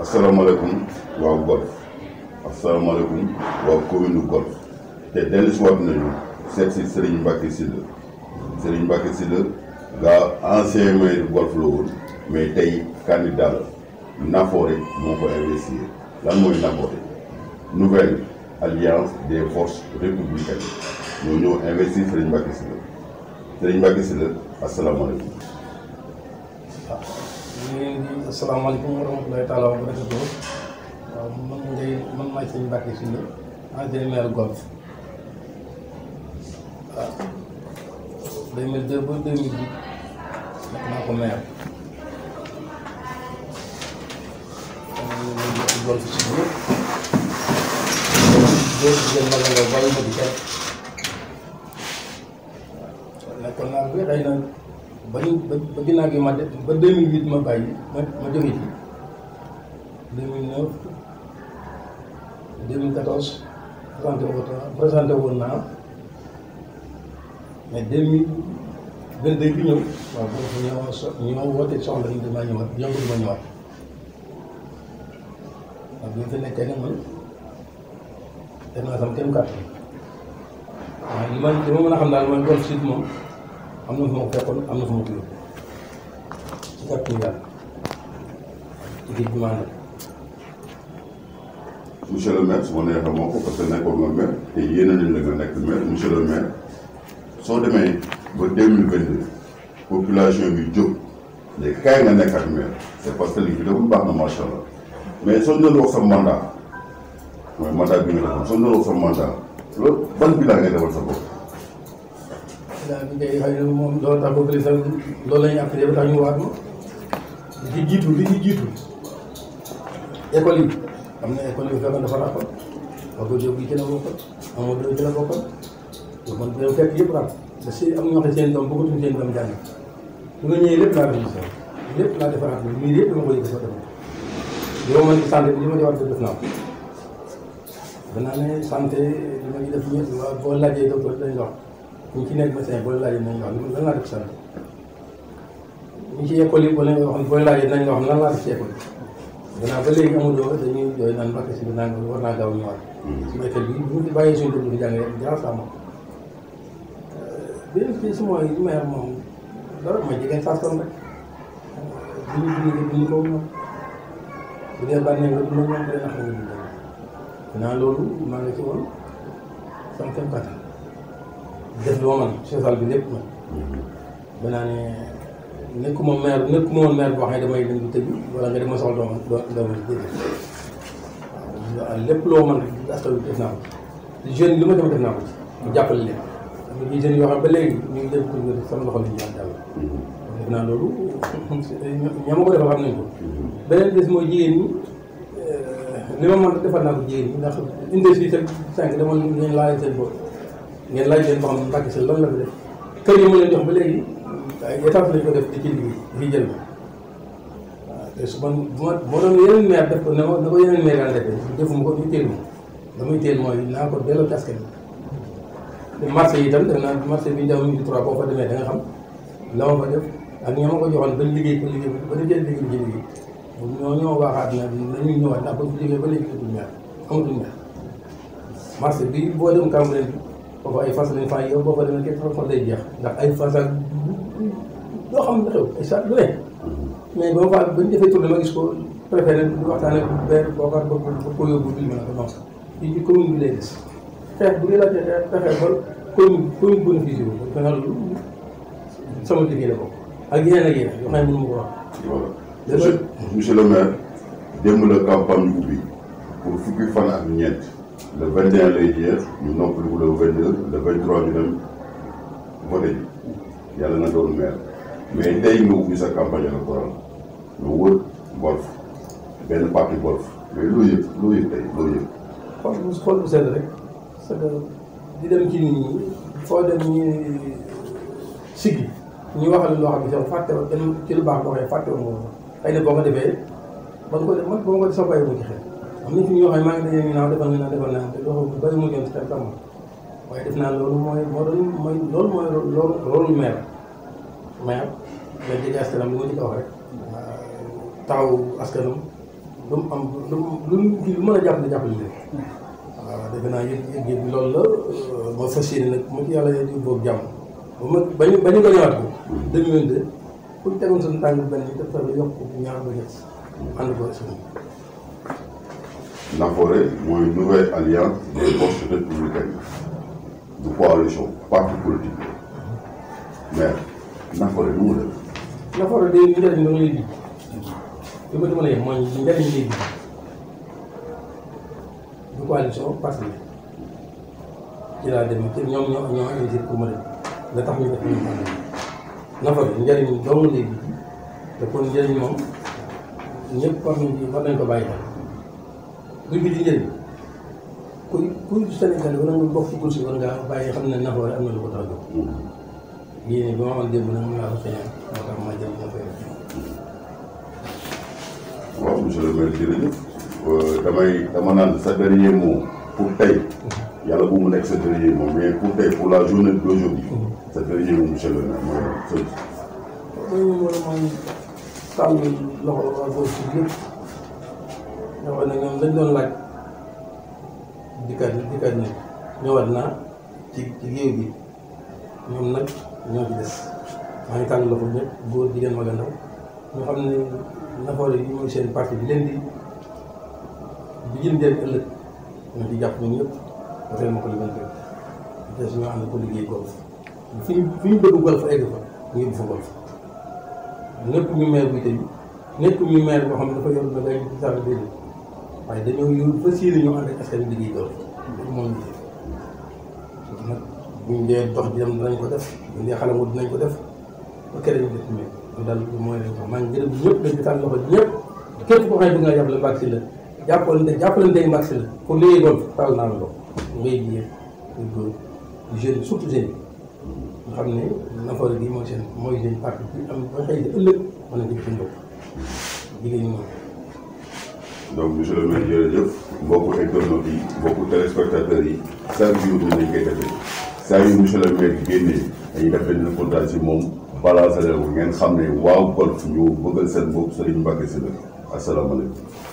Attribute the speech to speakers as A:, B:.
A: asalaamaaleykum waa golf asalaamaaleykum waa commune golf te dellu si waat nañu seet si Serigne Mbacké Sylla Serigne Mbacké Sylla gaa ancien golf la woon mais tey candidat la Nafoore moo ko investir lan mooy Nafoore nouvelle alliance des forces républicaines ñoo ñëw investir Serigne Mbacké Sylla Serigne Mbacké Sylla
B: asalaamaaleykum ñu ngi asalaamaaleykum wa rahmatulahi taala wa barakatu waaw man ngay man maa ci Mbacke si nii ancien Golf waaw ah, deux mille deux ba deux mille huit nekk naa ko maire Golf si biir góor jigéen mag ndaw bàyyi ma di kenn nekkoon naa ko xëy na ba ñu ba ginnaaw gi ma def ba 2008 ma bàyyi ma ma jógee fii 2009 2014 présenté wu présenté woon naa mais 2022 bi ñëw waaw boobu ñoo so ñoo woote soxla ñu damaa ñëwaat ñoom du ma ñëwaat waaw bi nga fi nekkee ne man def naa sama kenn kàttan waaw li ma li ma mën a xam daal mooy golf sud moom. am na moom fekkoon am na moom ko yóbbu ci kàttan yàlla ci géej gi maa nekk.
A: monsieur le maire su ma neexee moo ko parce que nekkoon nga maire te yéene nañ la nga nekk maire monsieur le maire soo demee ba deux mille vingt deux population bi jóg léegi kaay nga nekk ak maire c'est parce que li fi deful baax na macha allah mais soo doon wax sa mandat mooy mandat bi nga defoon soo doon wax sa mandat loolu ban bilan ngay defal sa bopp.
B: daa ñu koy xëy na moom loolu tax boobu la loolu la ñuy appeler ba tax ñu waat ma li ci jiitu li ci jiitu école yi am na école yu fekkoon dafa raaxoon Maodo Diop gi ci la bokkoon Amadou Diop ci la bokkoon donc man dafa fekk yëpp raax te si am ñoo xam seen doom bëggatuñ seen doom jàng bu nga ñëwee lépp laa def lépp laa defaraat bi miir yëpp dama ko yëg dafa dem yow man santé bi li ma ci war a def naa ko danaa ne santé li ma ci def ñëpp boo laajee docteur dañ la ñi ci nekk médecin boo laajee moom lan lan laa def sax ñi ci école yi boo leen wax boo laajee dinañ wax lan laa def ci école yi. gannaaw ba léegi amuloo dañuy jooy naan mbàkk si bi naan war naa gaaw ñëwaat. suñu hmm. école bi bu ñu bàyyee suñu dugub jàng rek jaar saa moom. Euh, beneen bi si mooy li may wax moom dara ma jege saa sonn rek euh, bu ñu bu ñu bu ñu ko woon bu dee bànnee nga dund ak ñoom dinañ wax ne nga dund ak ñoom. gannaaw loolu maa ngi ci woon sant ak def li ma mën Cheikh bi lépp man danaa ne nekkuma maire nekkuma woon maire boo damay dem di tëj wala nga dem ma soxla doomam doomam déedéet waaw lépp loo mën li ma def def naa ko mu jàppale leen am na jeunes ba léegi ñu ngi def kuréel sama loxo la ñu ñaan dàll def des mm-hmm. mooy jigéen ñi euh, li ma mën defal naa ko jigéen ñi ndax indee si teg sànq dama nañ laaj seen bopp ngeen laaj leen ba xam Mbacke Sylla lan la ko def kër yi mu leen jox ba léegi état lañ ko def di ci liggéey di jël waaw te su ma bu ma ma doon yeneen maire def ko ne ma da ko yeneen maire daan yi itam def naa bi jaww ji xam la fa def ak ñoo ma ko joxoon ba liggéey ko liggéey ba liggéey ci liggéey ñoo ñoo na nañu ñëwaat ndax ba liggéey ba léegi dootul maire amatul maire marché bi boo dem Cambérène foofu ay fas lañ faa yow boo fa demee kenn xam lay jeex ndax ay fas ak loo xam ne xew ay saa lu ne mais boo fa bañ defee tournée ma gis ko préféré di waxtaan ak benn boobaat ba ko yóbbu bi mën a ko non sax fii ci commune bi lay des xeex bu dee laajte fexe ba commune commune bénéficié wu dana sama liggéey la bokk ak yeneen ak yeneen yoo xam ne mënu ma ko wax.
A: monsieur le maire démb la campagne ubbi pour fukki fan ak ñeent. le 21 lay jeex ñu noppaliku le 22 le 23 ñu dem voté ji yàlla na doon maire mais tey nga ubbi sa campagne électorale nga wër golf
B: benn parti golf mais loo yëg loo yëg xool bu xool bu sedd rek parce que di dem ci nit ñi foo dem ñu siggi ñu waxal loo xam ne sax fàtte woon ci lu baax boo xam ne fàtte woon moom xëy na boo ko defee man ko man boo ko defee sa bàyyi mu ci xel. am na fi ñoo maa ngi dañoo ñu naan defal naa defal naa te mu jëm si tànkam waaye def naa loolu mooy moo doon mooy loolu mooy loolu loolu meer meer nga jege askanam mu am lu mu lu mën a jàppale jàppale leen waaw defe naa yëg yëg yëg loolu la euh, ma fas nag mu ci yàlla yëg boobu jàmm ba ñu ba ñu gëñëwaat ko deux mille deux pour tegoon suñu tànk benn yi def fa yokk ñaar ba ñett ànd ko suñu
A: Nafoore mooy nouvelle alliance des forces républicaines du coalition parti politique mais Nafoore
B: lu mu def. Nafoore day njëriñ la nga léegi li ma demoon léegi mooy njëriñ léegi du ma dem nga tax ñu def ñu mën Nafoore njëriñ doomu léegi te kon njëriñ moom ñëpp war nañ ko bàyyi xel buñ bi di njëriñ kuy kuy Sénégal wala nga bokk ci xam ne nafa am na lu ko tax a jóg. bi ma amoon démb nag ma ko sañoon moo tax ma jëm ma koy def. waaw monsieur le maire
A: jërëjëf damay dama sa dernier mot pour tey yàlla bu mu nekk sa dernier mot mais pour tey pour la journée d'aujourd'hui sa dernier mot monsieur le maire mooy sëñ bi.
B: mooy moom mooy tànn loxo la ko ñëwaat na ñoom lañ doon laaj dikkaat na dikkaat na ñëwaat naa ci ci géew bi ñoom nag ñoo ci des maa ngi tànn loxo ñëpp góor jigéen mag a ndaw ñu xam ne nafoore yi mooy seen parti bi leen di di jëndee ëllëg ñoo ci ko liggéey te suñu ko liggéey golf fi ñu fi ñu bëgg golf egg fa ñu yóbbu fa golf nekk ñu maire bi tey nekk ñu maire boo xam ne dafa yor na ngay gis daal déedéet waaye dañoo ñëw fas yéene ñoo ànd ak bi liggéey dee dox di dem ko def buñ dee xalamu dinañ ko def ba keneen ñu def ñu loolu daal mooy rek maa ngi gërëm ñëpp dañ ci xam ne nga mooy seen mooy jeune parti bi am ba xëy na ëllëg mën na jëm seen bopp
A: donc monsieur le maire jërëjëf mbokku internautes yi mbokku téléspectateurs yi chaque jour ñu nañ koy defee saa yu monsieur le maire génnee dañuy def benn reportage ci moom balaa sa ngeen xam ne waaw golf ñu bëggal seen bopp Serigne Mbacké Sylla asalaamaaleykum